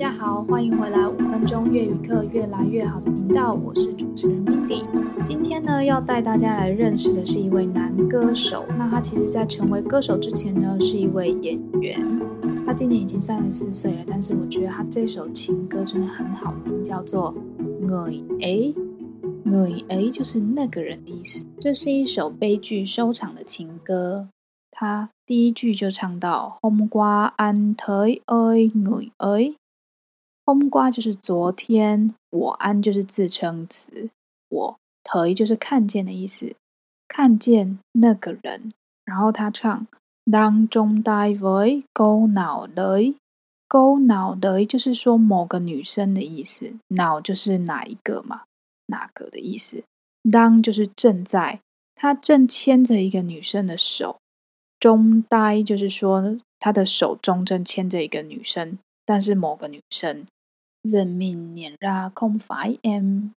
大家好，歡迎回來！五分鐘越語課，越來越好的頻道，我是主持人 Mindy。今天呢，要帶大家來認識的是一位男歌手。那他其實在成為歌手之前呢，是一位演員。他今年已經三十四歲了，但是我覺得他這首情歌真的很好聽，叫做 “người ấy”，“người ấy” 就是那個人的意思。這是一首悲劇收場的情歌。他第一句就唱到：“Hôm qua anh thấy người ấy” 通瓜就是昨天，我安就是自稱詞，我睇就是看見的意思，看見那個人。然後他唱當中呆喂勾腦雷，勾腦雷就是說某個女生的意思，腦就是哪一個嘛，哪個的意思。當就是正在，他正牽着一個女生的手，中呆就是說他的手中正牽着一個女生，但是某個女生。人命碾壓空懷 m，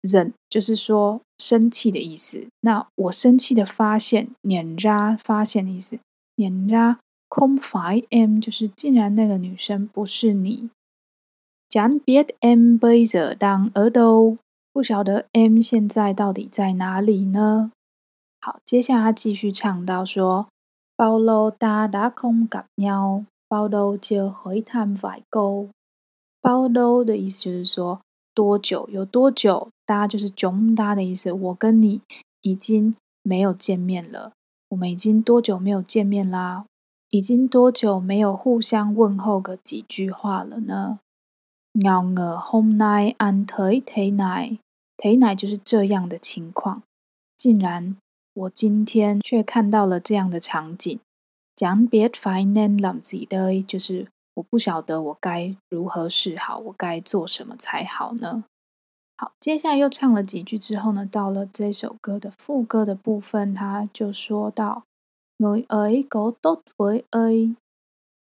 人就是說生氣的意思。那我生氣的發現，碾壓發現的意思，碾壓空懷 m 就是竟然那個女生不是你。講別的 m 擺着當耳朵，不曉得 m 現在到底在哪裡呢？好，接下來繼續唱到說，Bao lâu ta đã không How long 的意思就是說多久，有多久，大家就是久大的意思。我跟你已經沒有見面了，我們已經多久沒有見面啦？已經多久沒有互相問候個幾句話了呢？n o w g home night and ten ten night，ten night 就是這樣的情況。竟然我今天卻看到了這樣的場景，講別懷念讓自己就是。我不曉得我該如何是好，我該做什麼才好呢？好，接下來又唱了幾句之後呢，到了這首歌的副歌的部分，他就說道：“ y o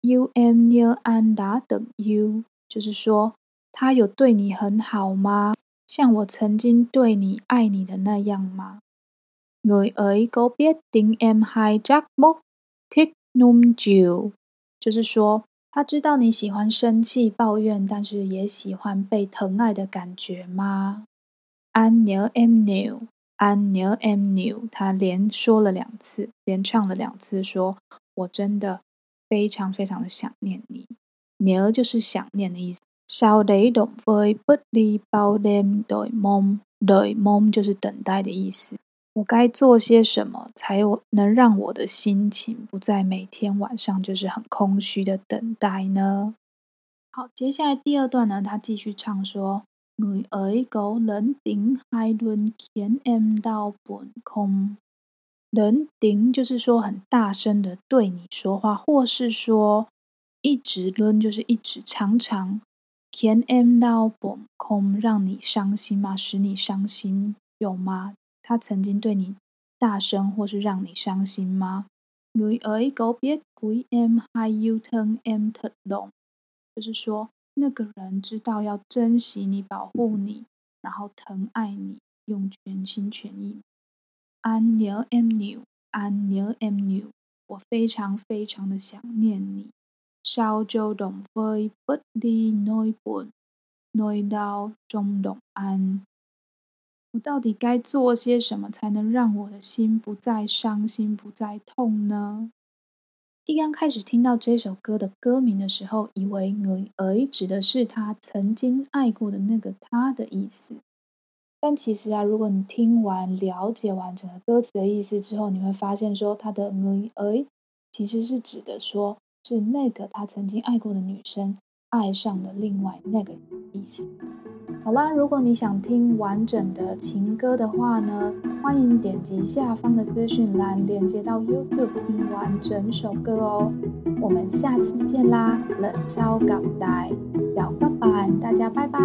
u am love and 等 you”，就是說他有對你很好嗎？像我曾經對你愛你的那樣嗎？我我一個別定 em hai giac mo thích nung j o 就是說。他知道你喜歡生氣抱怨，但是也喜歡被疼愛的感覺嗎？Anh nhớ em nhiều, anh nhớ em nhiều，他連說了兩次，連唱了兩次，說：“我真的非常非常的想念你。” Nhớ 就是想念的意思。So they don't f e 抱 them 對 mom 對 mom 就是等待的意思。我該做些什麼，才能讓我的心情不再每天晚上就是很空虛的等待呢？好，接下來第二段呢，他繼續唱說：“你二個人頂海輪填 M 到本空，人頂就是說很大聲的對你說話，或是說一直輪，就是一直常常填 M 到本空，讓你傷心嗎？使你傷心有嗎？”他曾經對你大聲或是讓你傷心嗎？可以告別，可以愛，還有疼，愛特濃。就是說，那個人知道要珍惜你，保護你，然後疼愛你，用全心全意。安牛安牛，安牛安牛，我非常非常的想念你。燒酒痛飛不離女伴，女老終落安。我到底該做些什麼才能讓我的心不再傷心、不再痛呢？一剛開始聽到這首歌的歌名的時候，以為「người ấy」指的是他曾經愛過的那個“他”的意思，但其實啊，如果你聽完、了解完整個歌詞的意思之後，你會發現，說他的「người ấy」其實是指的說是那個他曾經愛過的女生愛上了另外那個人的意思。好啦，如果你想聽完整的情歌的話呢，歡迎點擊下方的資訊欄，連接到 YouTube 聽完整首歌哦。我們下次見啦，冷嘲港待，小爸板，大家拜拜。